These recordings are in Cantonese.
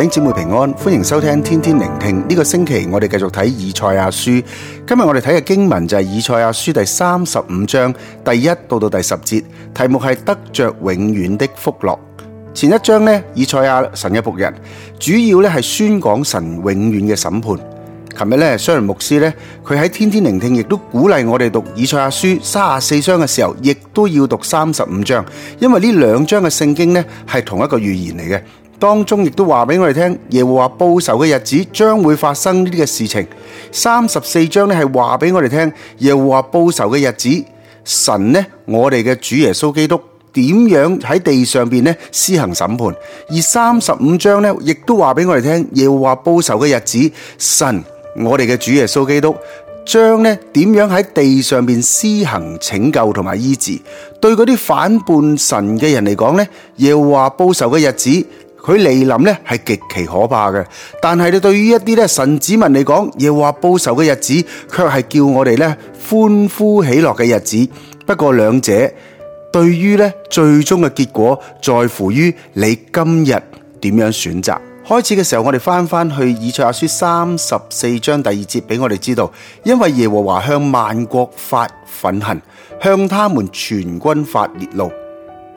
弟兄姊妹平安，歡迎收聽天天靈聽。呢個星期我哋繼續睇以賽亞書。今日我哋睇嘅經文就係以賽亞書第三十五章第一到到第十節，題目係得着永遠的福樂。前一章呢，以賽亞神嘅僕人主要咧係宣講神永遠嘅審判。琴日咧，Sharon 牧師咧，佢喺天天靈聽亦都鼓勵我哋讀以賽亞書三十四章嘅時候，亦都要讀三十五章，因為呢兩章嘅聖經咧係同一個預言嚟嘅。當中亦都話俾我哋聽，耶和華報仇嘅日子將會發生呢啲嘅事情。三十四章咧係話俾我哋聽，耶和華報仇嘅日子，神呢，我哋嘅主耶穌基督點樣喺地上邊咧施行審判。而三十五章咧亦都話俾我哋聽，耶和華報仇嘅日子，神我哋嘅主耶穌基督將咧點樣喺地上邊施行拯救同埋醫治，對嗰啲反叛神嘅人嚟講咧，耶和華報仇嘅日子，佢嚟臨咧係極其可怕嘅，但係你對於一啲咧神子民嚟講，耶和華報仇嘅日子，卻係叫我哋咧歡呼喜樂嘅日子。不過兩者對於咧最終嘅結果，在乎於你今日點樣選擇。開始嘅時候，我哋翻翻去以賽亞書三十四章第二節，俾我哋知道，因為耶和華向萬國發忿恨，向他們全軍發烈怒。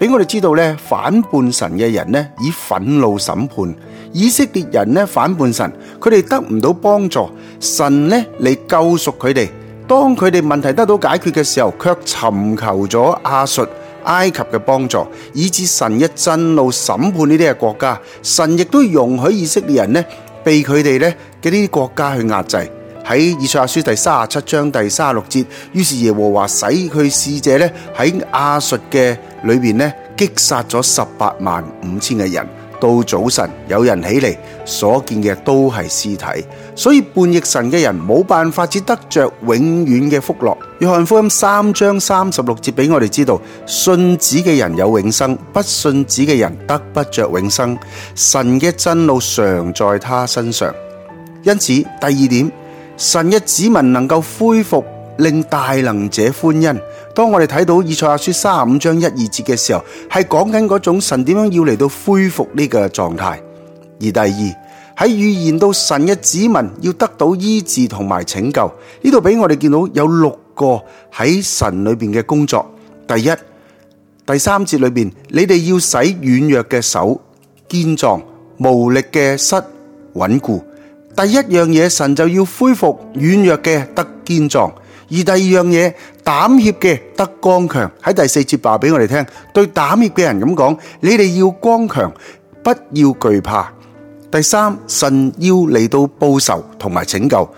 俾我哋知道咧，反叛神嘅人咧，以憤怒審判以色列人咧，反叛神，佢哋得唔到幫助，神咧嚟救贖佢哋。當佢哋問題得到解決嘅時候，卻尋求咗亞述、埃及嘅幫助，以致神一震怒審判呢啲嘅國家。神亦都容許以色列人咧，被佢哋咧嘅呢啲國家去壓制。喺以賽亞書第三十七章第三十六節，於是耶和華使佢使者咧喺亞述嘅裏邊咧擊殺咗十八萬五千嘅人。到早晨有人起嚟，所見嘅都係屍體，所以叛逆神嘅人冇辦法，只得着永遠嘅福樂。約翰福音三章三十六節俾我哋知道，信子嘅人有永生，不信子嘅人得不着永生。神嘅震怒常在他身上，因此第二點。神嘅子民能夠恢復，令大能者歡欣。當我哋睇到以賽亞書三十五章一二節嘅時候，係講緊嗰種神點樣要嚟到恢復呢個狀態。而第二喺預言到神嘅子民要得到醫治同埋拯救，呢度俾我哋見到有六個喺神裏邊嘅工作。第一、第三節裏邊，你哋要使軟弱嘅手堅壯，無力嘅膝穩固。第一樣嘢，神就要恢復軟弱嘅得堅壯；而第二樣嘢，膽怯嘅得剛強。喺第四節話俾我哋聽，對膽怯嘅人咁講：你哋要剛強，不要懼怕。第三，神要嚟到報仇同埋拯救。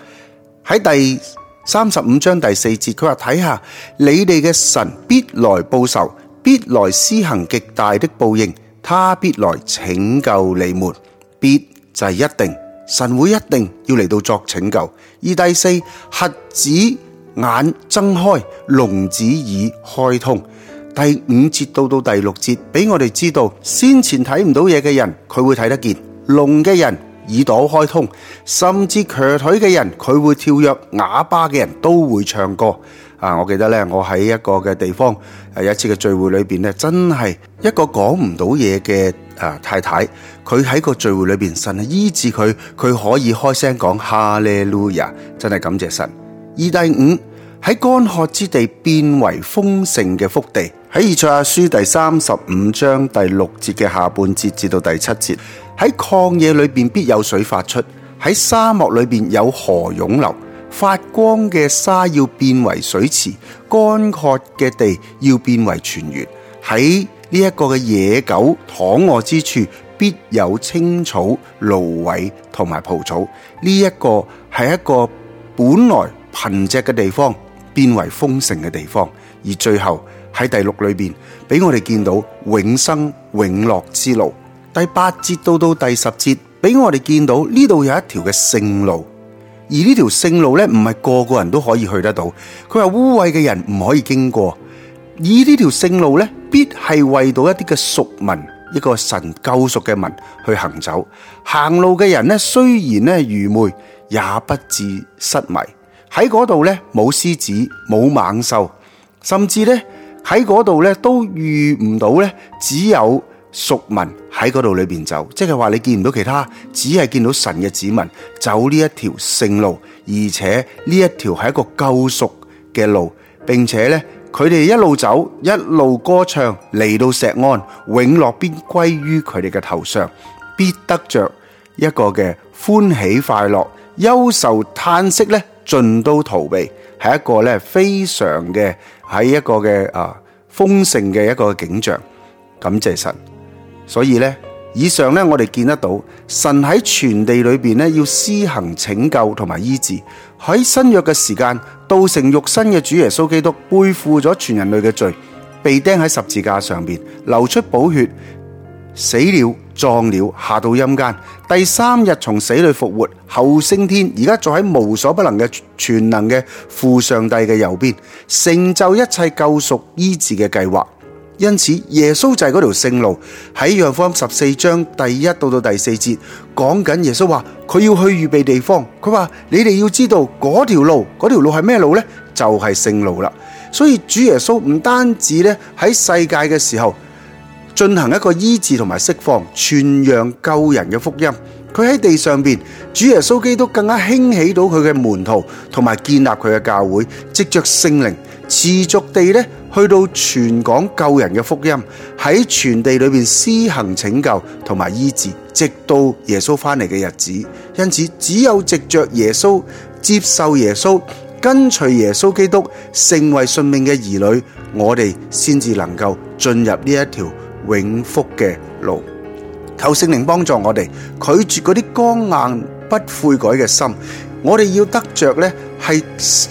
喺第三十五章第四節，佢話睇下，你哋嘅神必來報仇，必來施行極大的報應，他必來拯救你們。必就係一定。神會一定要嚟到作拯救。而第四，瞎子眼睜開，聾子耳開通。第五節到到第六節，俾我哋知道，先前睇唔到嘢嘅人，佢會睇得見；聾嘅人，耳朵開通；甚至瘸腿嘅人，佢會跳躍；啞巴嘅人都會唱歌。啊，我記得呢，我喺一個嘅地方，有一次嘅聚會裏邊呢，真係一個講唔到嘢嘅。啊！太太，佢喺個聚會裏邊，神係醫治佢，佢可以開聲講哈利路亞，真係感謝神。而第五喺乾渴之地變為豐盛嘅福地，喺以賽亞書第三十五章第六節嘅下半節至到第七節，喺曠野裏邊必有水發出，喺沙漠裏邊有河湧流，發光嘅沙要變為水池，乾渴嘅地要變為泉源，喺。呢一個嘅野狗躺臥之處，必有青草、蘆葦同埋蒲草。呢一個係一個本來貧瘠嘅地方，變為豐盛嘅地方。而最後喺第六裏邊，俾我哋見到永生永樂之路。第八節到到第十節，俾我哋見到呢度有一條嘅聖路。而呢條聖路咧，唔係個個人都可以去得到。佢話污穢嘅人唔可以經過。以呢條聖路咧。必係為到一啲嘅贖民，一個神救贖嘅民去行走。行路嘅人呢，雖然呢愚昧，也不至失迷。喺嗰度呢，冇獅子，冇猛獸，甚至呢喺嗰度呢都遇唔到呢。只有贖民喺嗰度裏邊走，即係話你見唔到其他，只係見到神嘅子民走呢一條聖路，而且呢一條係一個救贖嘅路，並且呢。佢哋一路走，一路歌唱，嚟到錫安永樂必歸於佢哋嘅頭上，必得着一個嘅歡喜快樂，憂愁嘆息咧盡都逃避，係一個咧非常嘅係一個嘅啊豐盛嘅一個景象。感謝神，所以咧以上咧我哋見得到神喺全地裡邊咧要施行拯救同埋醫治。喺新約嘅時間，道成肉身嘅主耶穌基督背負咗全人類嘅罪，被釘喺十字架上邊，流出寶血，死了、葬了、下到陰間，第三日從死裏復活，後升天，而家坐喺無所不能嘅全能嘅父上帝嘅右邊，成就一切救贖醫治嘅計劃。因此，耶穌就係嗰條聖路，喺約翰十四章第一到到第四節，講緊耶穌話佢要去預備地方，佢話你哋要知道嗰條路，嗰條路係咩路咧？就係聖路啦。所以主耶穌唔單止咧喺世界嘅時候進行一個醫治同埋釋放、傳揚救人嘅福音，佢喺地上邊，主耶穌基督更加興起到佢嘅門徒同埋建立佢嘅教會，藉着聖靈持續地咧。去到全港救人嘅福音，喺全地裏邊施行拯救同埋醫治，直到耶穌翻嚟嘅日子。因此，只有藉着耶穌接受耶穌，跟隨耶穌基督，成為信命嘅兒女，我哋先至能夠進入呢一條永福嘅路。求聖靈幫助我哋，拒絕嗰啲剛硬不悔改嘅心。我哋要得着咧，係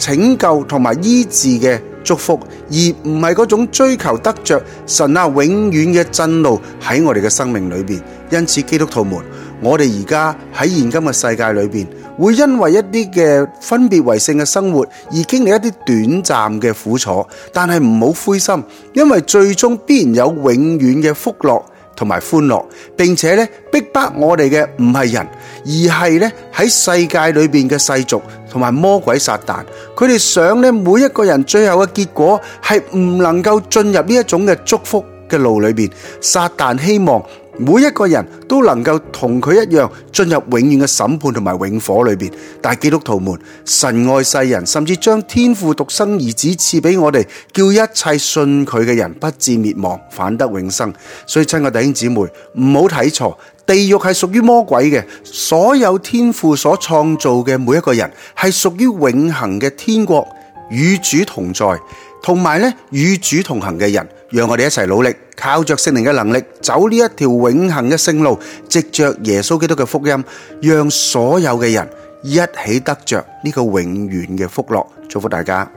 拯救同埋醫治嘅。祝福，而唔係嗰種追求得着神啊，永遠嘅震怒喺我哋嘅生命裏邊。因此，基督徒們，我哋而家喺現今嘅世界裏邊，會因為一啲嘅分別為聖嘅生活而經歷一啲短暫嘅苦楚，但係唔好灰心，因為最終必然有永遠嘅福樂。同埋歡樂，並且咧逼迫我哋嘅唔係人，而係咧喺世界裏邊嘅世俗同埋魔鬼撒旦。佢哋想咧，每一個人最後嘅結果係唔能夠進入呢一種嘅祝福嘅路裏邊。撒旦希望。每一個人都能夠同佢一樣進入永遠嘅審判同埋永火裏邊，但係基督徒們，神愛世人，甚至將天父獨生兒子賜俾我哋，叫一切信佢嘅人不至滅亡，反得永生。所以親愛弟兄姊妹，唔好睇錯，地獄係屬於魔鬼嘅，所有天父所創造嘅每一個人係屬於永恆嘅天國，與主同在。同埋呢，與主同行嘅人，讓我哋一齊努力，靠着聖靈嘅能力，走呢一條永恆嘅聖路，藉着耶穌基督嘅福音，讓所有嘅人一起得着呢個永遠嘅福樂。祝福大家。